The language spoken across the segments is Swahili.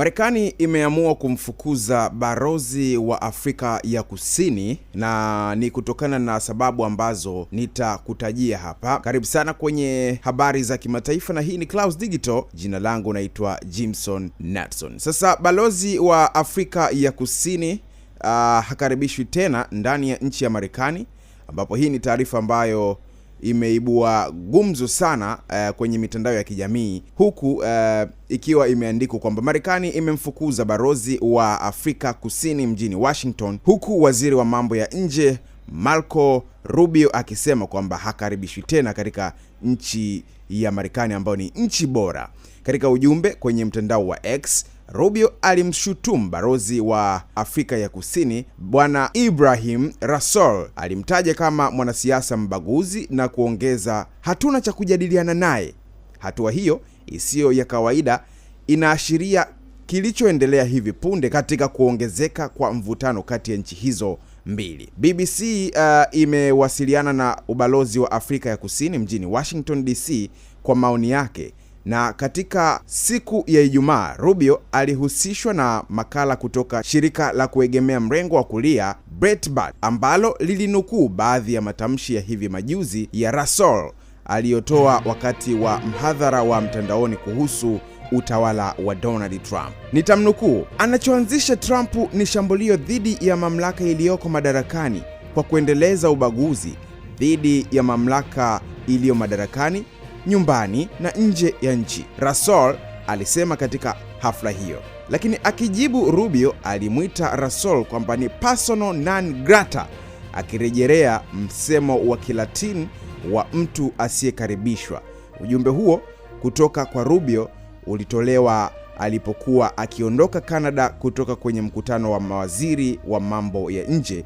Marekani imeamua kumfukuza barozi wa Afrika ya Kusini na ni kutokana na sababu ambazo nitakutajia hapa. Karibu sana kwenye habari za kimataifa, na hii ni Clouds Digital. Jina langu naitwa Jimson Natson. Sasa balozi wa Afrika ya Kusini uh, hakaribishwi tena ndani ya nchi ya Marekani, ambapo hii ni taarifa ambayo imeibua gumzo sana uh, kwenye mitandao ya kijamii huku uh, ikiwa imeandikwa kwamba Marekani imemfukuza barozi wa Afrika Kusini mjini Washington, huku waziri wa mambo ya nje Marco Rubio akisema kwamba hakaribishwi tena katika nchi ya Marekani ambayo ni nchi bora. Katika ujumbe kwenye mtandao wa X, Rubio alimshutumu balozi wa Afrika ya Kusini Bwana Ibrahim rasol alimtaja kama mwanasiasa mbaguzi na kuongeza, hatuna cha kujadiliana naye. Hatua hiyo isiyo ya kawaida inaashiria kilichoendelea hivi punde katika kuongezeka kwa mvutano kati ya nchi hizo mbili. BBC uh, imewasiliana na ubalozi wa Afrika ya Kusini mjini Washington DC kwa maoni yake na katika siku ya Ijumaa Rubio alihusishwa na makala kutoka shirika la kuegemea mrengo wa kulia Breitbart ambalo lilinukuu baadhi ya matamshi ya hivi majuzi ya rasol aliyotoa wakati wa mhadhara wa mtandaoni kuhusu utawala wa Donald Trump. Nitamnukuu, anachoanzisha Trump ni shambulio dhidi ya mamlaka iliyoko madarakani kwa kuendeleza ubaguzi dhidi ya mamlaka iliyo madarakani, nyumbani na nje ya nchi, Rasol alisema katika hafla hiyo. Lakini akijibu, Rubio alimwita Rasol kwamba ni personal non grata, akirejelea msemo wa Kilatini wa mtu asiyekaribishwa. Ujumbe huo kutoka kwa Rubio ulitolewa alipokuwa akiondoka Canada kutoka kwenye mkutano wa mawaziri wa mambo ya nje,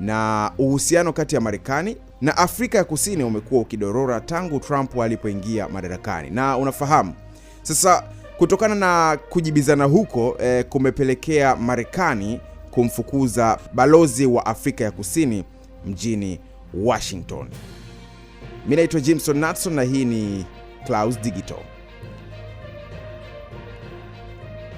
na uhusiano kati ya Marekani na Afrika ya Kusini umekuwa ukidorora tangu Trump alipoingia madarakani, na unafahamu sasa kutokana na kujibizana huko eh, kumepelekea Marekani kumfukuza balozi wa Afrika ya Kusini mjini Washington. Mimi naitwa Jimson Natson na hii ni Clouds Digital.